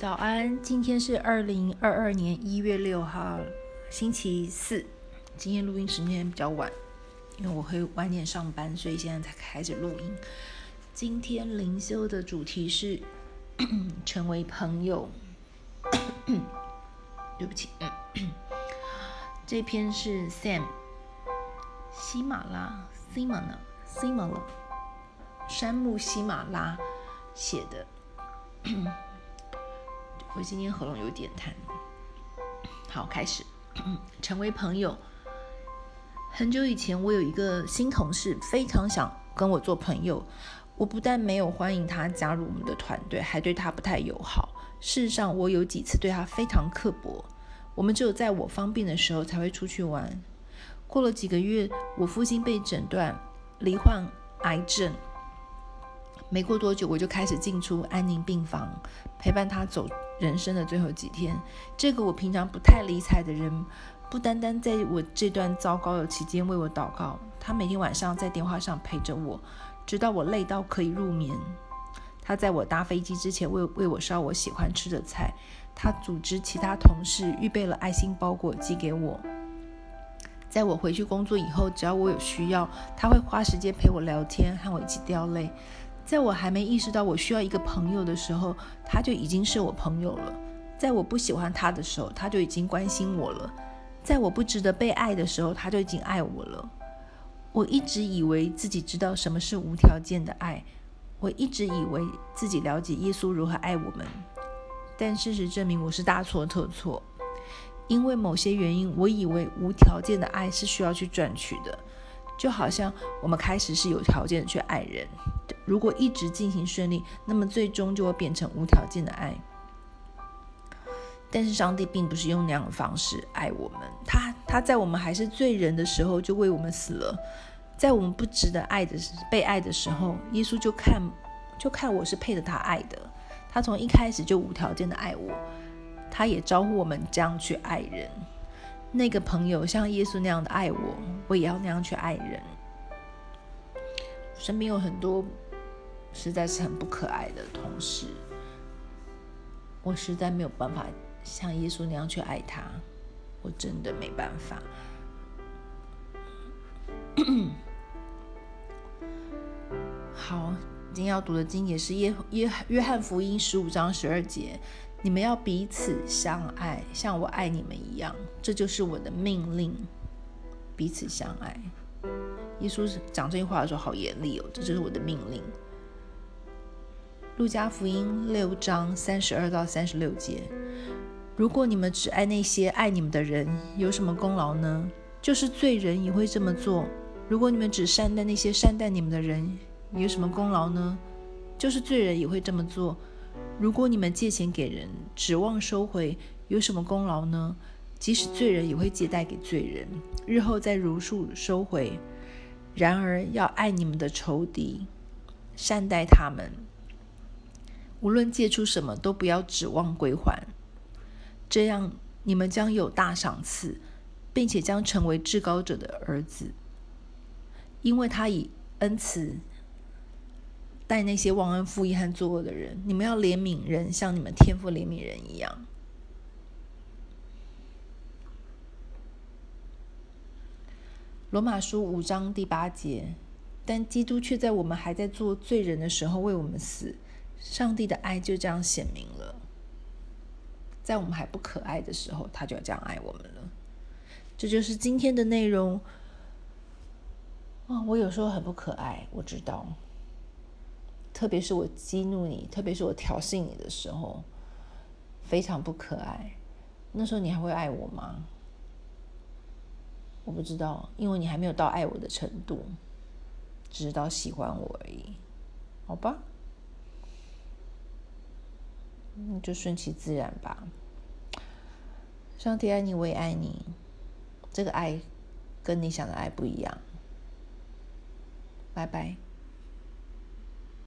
早安，今天是二零二二年一月六號，星期四。今天錄音時間比較晚，因為我會晚點上班，所以現在才開始錄音。今天靈修的主題是 成為朋友。 對不起， 這篇是 Sam，西瑪拉，Simala，Simala，珊慕西瑪拉寫的。 我今天喉嚨有點痰，好，開始。 成為朋友。很久以前，我有一個新同事，非常想跟我做朋友。我不但沒有歡迎他加入我們的團隊，還對他不太友好。事實上，我有幾次對他非常刻薄。我們只有在我方便的時候才會出去玩。過了幾個月，我父親被診斷罹患癌症。沒過多久，我就開始進出安寧病房，陪伴他走。人生的最後幾天，這個我平常不太理睬的人，不單單在我這段糟糕的期間為我禱告，他每天晚上在電話上陪着我，直到我累到可以入眠。他在我搭飛機之前為為我燒我喜歡吃的菜，他組織其他同事預備了愛心包裹寄給我。在我回去工作以後，只要我有需要，他會花時間陪我聊天，和我一起掉淚。在我還沒意識到我需要一個朋友的時候，他就已經是我朋友了；在我不喜歡他的時候，他就已經關心我了；在我不值得被愛的時候，他就已經愛我了。我一直以為自己知道什麼是無條件的愛，我一直以為自己了解耶穌如何愛我們，但事實證明我是大錯特錯。因為某些原因，我以為無條件的愛是需要去賺取的，就好像我們開始是有條件去愛人。如果一直進行順利，那麼最終就會變成無條件的愛。但是上帝並不是用那樣的方式愛我們，他他在我們還是罪人的時候就為我們死了，在我們不值得愛的被愛的時候，耶穌就看就看我是配得他愛的，他從一開始就無條件的愛我，他也呼召我們這樣去愛人。那個朋友像耶穌那樣的愛我，我也要那樣去愛人。身邊有很多。實在是很不可愛的同事，我實在沒有辦法像耶穌那樣去愛他，我真的沒辦法。 好，今天要讀的經節是耶《耶耶約翰福音》十五章十二節：“你們要彼此相愛，像我愛你們一樣，這就是我的命令。”彼此相愛，耶穌講這句話的時候好嚴厲哦，這就是我的命令。路加福音六章三十二到三十六節：如果你們只愛那些愛你們的人，有什麼功勞呢？就是罪人也會這麼做。如果你們只善待那些善待你們的人，有什麼功勞呢？就是罪人也會這麼做。如果你們借錢給人，指望收回，有什麼功勞呢？即使罪人也會借貸給罪人，日後再如數如收回。然而，要愛你們的仇敵，善待他們。無論借出什麼都不要指望歸還，這樣你們將有大賞賜，並且將成為至高者的兒子，因為他以恩慈待那些忘恩負義和作惡的人。你們要憐憫人，像你們天父憐憫人一樣。羅馬書五章第八節，但基督卻在我們還在做罪人的時候為我們死。上帝的愛就這樣顯明了，在我們還不可愛的時候，他就要這樣愛我們了。這就是今天的內容。啊、哦，我有時候很不可愛，我知道。特別是我激怒你，特別是我挑釁你的時候，非常不可愛。那時候你還會愛我嗎？我不知道，因為你還沒有到愛我的程度，只是到喜歡我而已。好吧。你就順其自然吧。上帝愛你，我也愛你。這個愛跟你想的愛不一樣。拜拜。